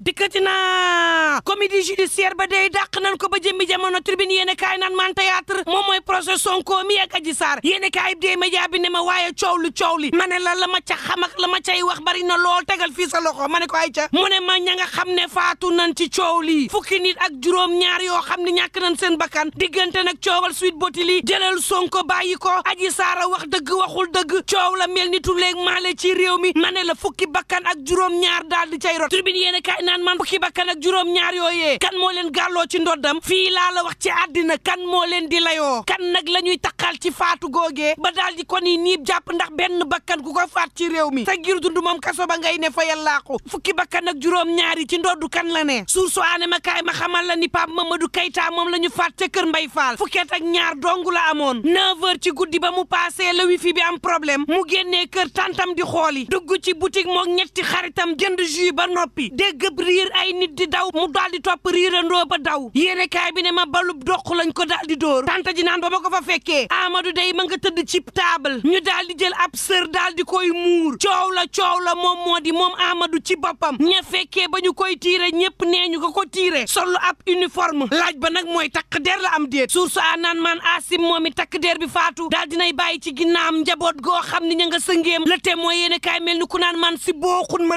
dikkati na comédie judiciaire ba day dàq nan ko ba jëmmi jamono tribune yéene kaay naan man théâtre moom mooy procès Sonko mi ak Adji Sarr yéene kaay bi dee média bi ne ma waaye coow lu coow li ma ne la la ma ca xam la ma cay wax bari na lool tegal fii sa loxo ma ne ko ay ca mu ne ma ña nga xam ne faatu nan ci coow li fukki nit ak juróom ñaar yoo xam ne ñàkk nañ seen bakkan diggante nag coowal suite boti li jëlal Sonko bàyyi ko Adji Sarr wax dëgg waxul dëgg coow la mel ni tuleeg maale ci réew mi ma ne fukki bakkan ak juróom ñaar daal di cay naan man fukki bakkan ak juróom ñaar yooyee kan moo leen gàlloo ci ndoddam fii laa la wax ci àddina kan moo leen di layoo kan nag la ñuy taqal ci faatu googee ba daal di ko ni niib jàpp ndax benn bakkan ku ko faat ci réew mi sa giru dund moom kaso ba ngay ne fa yàllaa fukki bakkan ak juróom ñaari ci ndoddu kan la ne suur soo aane ma kaay ma xamal la ni Pape du Keita moom la ñu faat ca kër Mbay Faal fukkeet ak ñaar dong la amoon 9 ci guddi ba mu paasee la wifi bi am problème mu génnee kër tantam di xooli dugg ci boutique moog ñetti xaritam jënd jus ba noppi ab riir ay nit di daw mu daal di topp riirandoo ba daw yéene kaay bi ne ma balub doq lañ ko daal di dóor tante ji naan ba ma ko fa fekkee Amadou day ma nga tëdd ci taabal ñu daal di jël ab sër daal di koy muur coow la coow la moom moo di moom Amadou ci boppam ña fekkee ba ñu koy tiire ñëpp nee ñu ko ko tiire sol ab uniforme laaj ba nag mooy takk der la am déet suur sa naan maan si moom it takk der bi faatu daal dinay bàyyi ci ginnaam njaboot goo xam ne ña nga sëngeem le témoin yéene kaay mel ni ku naan si boo xun ma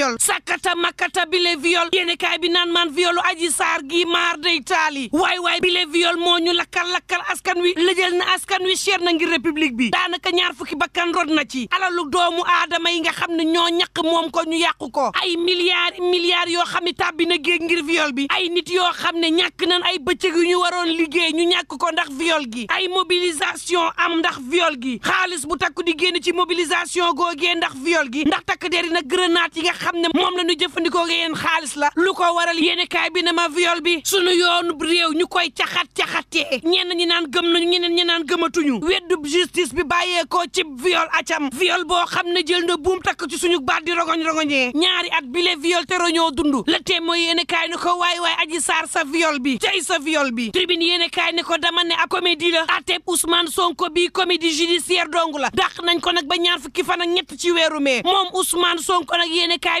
viol sakkata makkata bile viol yéene kaay bi naan maan violu aji saar gi maar day taali waay waay bile viol moo ñu lakkal-lakkal askan wi lëjël na askan wi cher na ngir république bi daanaka ñaar fukki bakkan rod na ci alalu doomu aadama yi nga xam ne ñoo ñàkk moom ko ñu yàqu ko ay milliards milliards yoo xam ne tàbbi na géej ngir viol bi ay nit yoo xam ne ñàkk nan ay bëccëg yu ñu waroon liggéey ñu ñàkk ko ndax viol gi ay mobilisation am ndax viol gi xaalis bu takku di génn ci mobilisation googee ndax viol gi ndax takk deri na grenade yi nga xam ne moom la ñu jëfandikoo ak yéen xaalis la lu ko waral yéen kaay bi ne ma viol bi suñu yoonu réew ñu koy caxat caxatee ñenn ñi naan gëm nañu ñi naan gëmatuñu weddub justice bi bàyyeekoo ci viol acam viol boo xam ne jël na buum takk ci suñu baat di rogoñ rogoñee ñaari at bile viol te roñoo la tee mooy yéen kaay ne ko waay waay aji saar sa viol bi tey sa viol bi tribune yéen kaay ne ko dama ne a comédie la ateeb Ousmane Sonko bi comédie judiciaire la dàq ko nag ba ñaar fukki fan ak ñett ci weeru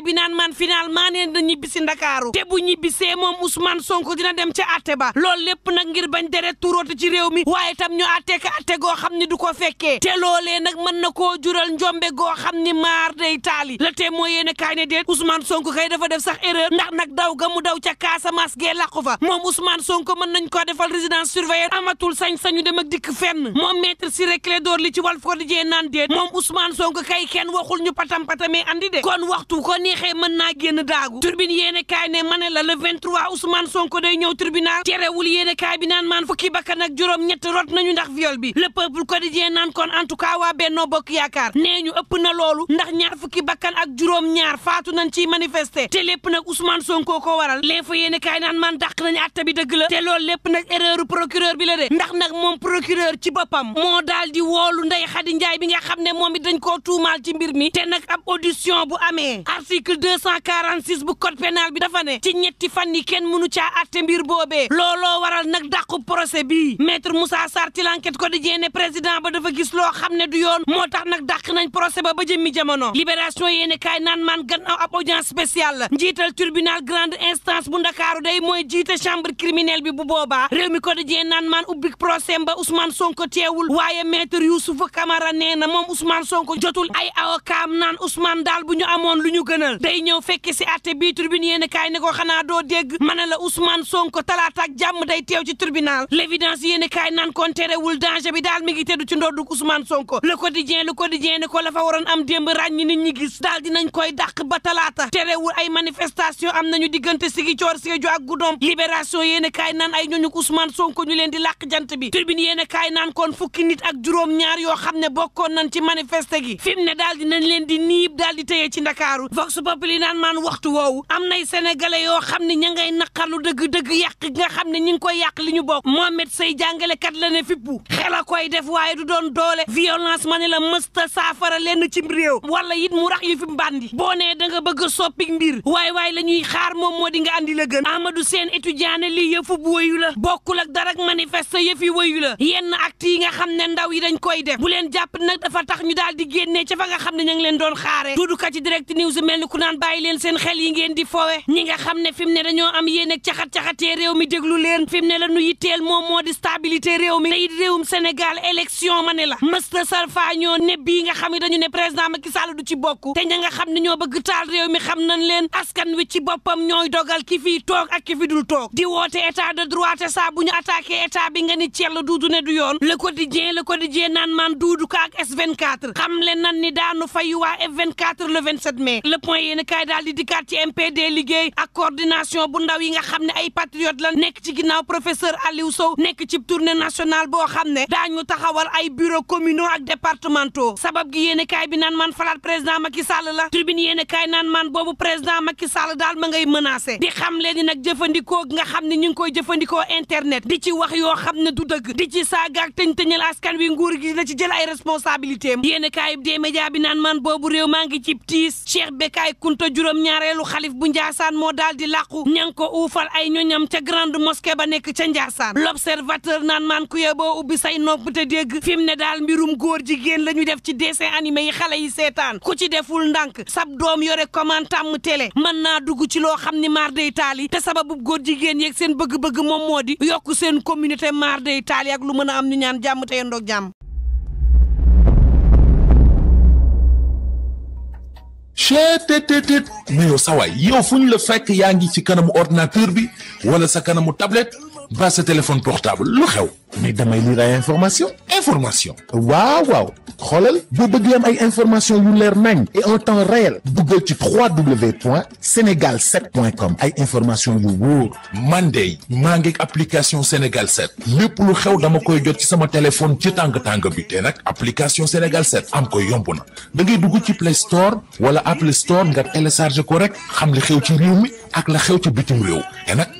yéenekaay bi naan man finalement nee na ñibbisi Ndakaaru te bu ñibbisee moom Ousmane Sonko dina dem ca atte ba loolu lépp nag ngir bañ deret tuuróote ci réew mi waaye tam ñu àtte ka àtte goo xam ni du ko fekkee te loolee nag mën na koo jural njombe goo xam ni maar day taali la te mooy yéenekaay ne déet Ousmane Sonko kay defa def sax erreur ndax nag daw ga mu daw ca Casamance gee làqu fa moom Ousmane Sonko mën nañ koo defal résidence surveillée amatul sañ-sañu dem ak dikk fenn moom maître Ciré Clédor Ly ci Walf Quotidien moom Ousmane Sonko kay kenn waxul ñu patam patamee andi de kon waxtu ko neexee mën naa génn daagu turbine yéene kaay ne ma ne la le 23 Ousmane Sonko day ñëw tribunal terewul yéene kaay bi naan maan fukki bakkan ak juróom ñett rot nañu ndax viol bi le peuple quotidien naan kon en tout Benno Bokk Yaakaar nee ñu ëpp na loolu ndax ñaar fukki bakkan fukkan ak juróom-ñaar faatu nañ ciy manifester te lépp nag Ousmane Sonko ko waral l'info yéen kaay naan man dàq nañu atta bi dëgg la te loolu lépp nag erreur procureur bi la ndax nag moom procureur ci boppam moo daal di woolu Ndeye Khady Ndiaye bi nga xam ne moom it dañ koo tuumaal ci mbir mi te nag ab audition bu amee article 246 bu code pénal bi dafa ne ci ñetti fan yi kenn mënu caa atte mbir boobee looloo waral nag dàqu procès bii maître Moussa Sarr ci l'enquête quotidien ne président ba dafa gis loo xam ne du moo tax nag dàq nañ yéen kaay naan maan gannaaw ab audience spéciale njiital tribunal grand instance bu ndakaaru day mooy jiite chambre criminelle bi bu boobaa réew mi quotidien naan maan ubbik procès ba Ousmane Sonko teewul waaye maître Youssoufa Camara nee na moom Ousmane Sonko jotul ay awokaam naan Ousmane daal bu ñu amoon lu ñu gënal day ñëw fekke si àtte bii tribune yéen kaay ne ko xanaa doo dégg ma la Ousmane Sonko talaata ak jàmm day teew ci tribunal l'évidence yéen kaay naan kon terewul danger bi daal mi ngi teddu ci ndoddug Ousmane Sonko le quotidien le quotidien ko la fa am démb ràññi nit ñi daal dinañ koy dàq ba talaata tere terewul ay manifestation am nañu diggante sigi coor Sédhiou ak Goudomp libération yéene kaay naan ay ñooñu Ousmane Sonko ñu leen di làq jant bi tribune yéene kaay naan kon fukki nit ak juróom ñaar yoo xam ne bokkoon nañ ci manifeste gi fi ne daal dinañ leen di niib daal di ci Ndakaaru vox populi naan maan waxtu woowu am nay sénégalais yoo xam ne ña ngay naqarlu dëgg-dëgg yàq nga xam ne ñi ngi koy yàq li ñu bokk Mohamed Sey jàngalekat la ne fippu xela koy def waaye du doon doole violence ma ne la mësta saafara leen ci réew wala ngi fi mbandi boo nee bëgg a soppi mbir waay waay la ñuy xaar moom moo di nga andi la gën Amadou Sène étudiant ne lii yëfu bu wëyu la bokkul ak dara ak manifeste yëf yi wëyu la yenn acte yi nga xam ne ndaw yi dañ koy def bu leen jàpp nag dafa tax ñu daal di génnee ca fa nga xam ne ña ngi leen doon xaare duudu ka ci direct news mel ni ku naan bàyyi leen seen xel yi ngeen di fowe ñi nga xam ne fi mu ne dañoo am yéen ak caxat-caxatee réew mi déglu leen fi mu ne la nu yitteel moom moo di réew mi tey réewum Sénégal élection ma ne la mësta sarfa ñoo ne bii nga xam ne dañu ne président Macky Sall du ci bokk te nga xam ne ñoo bëgg taal réew mi xam nañ leen askan wi ci boppam ñooy dogal ki fiy toog ak ki fi dul toog di woote état de droit te bu ñu attaqué état bi nga ni cell duudu ne du yoon di le quotidien le quotidien naan maan duudu ka ak S24 xam le nan ni daanu fay waa F24 le 27 mai le point yéen kaay daal di dikkaat ci MPD liggéey ak coordination bu ndaw yi nga xam ne ay patriote la nekk ci ginnaaw professeur ali nekk ci tournée nationale boo xam ne daañu taxawal ay bureaux communaux ak départementaux sabab gi yéen kaay bi naan man falaat président Macky Sall la tribune yéen a kaay naan maan boobu président Macky Sall daal ma ngay menacé di xam leen ni nag jëfandikoo nga xam ne ñu ngi koy jëfandikoo internet di ci wax yoo xam ne du dëgg di ci saagaak tëñ tëñal askan wi nguur gi la ci jël ay responsabilité am yéen a kaay des média bi naan maan boobu réew maa ngi ci tiis Cheikh Bekay Kunta juróom-ñaareelu xalif bu saan moo daal di làqu ña ko uufal ay ñoñam ca grande mosquée ba nekk ca Njaasaan l'observateur naan maan ku yeboo ubbi say nopp te dégg fi mu ne daal mbirum góor jigéen la ñu def ci dessin animé yi xale yi seetaan deful ndànk sab doom yore commande tàmm télé mën naa dugg ci loo xam ni maar day taal yi te sababu góor jigéen yeeg seen bëgg-bëgg moom moo di yokk seen communauté maar day taal ak lu mën a am ñu ñaan jàmm te yendoog jàmm chetetetet mais yow sawaay yow fu ñu la fekk yaa ngi ci kanamu ordinateur bi wala sa kanamu tablette ba sa téléphone portable lu xew mais damay lire ay information information waaw waaw xoolal boo bëgg am ay information yu leer nañ et en temps réel duggal ci wwwsenegal comme ay information yu wóor man maa ngi application Sénégal 7 lépp lu xew dama koy jot ci sama téléphone ci tàng tàng bi te nag application Sénégal 7 am koy yomb na da ngay dugg ci Play Store wala Apple Store nga télécharge ko rek xam li xew ci réew mi ak la xew ci bitim réew te nag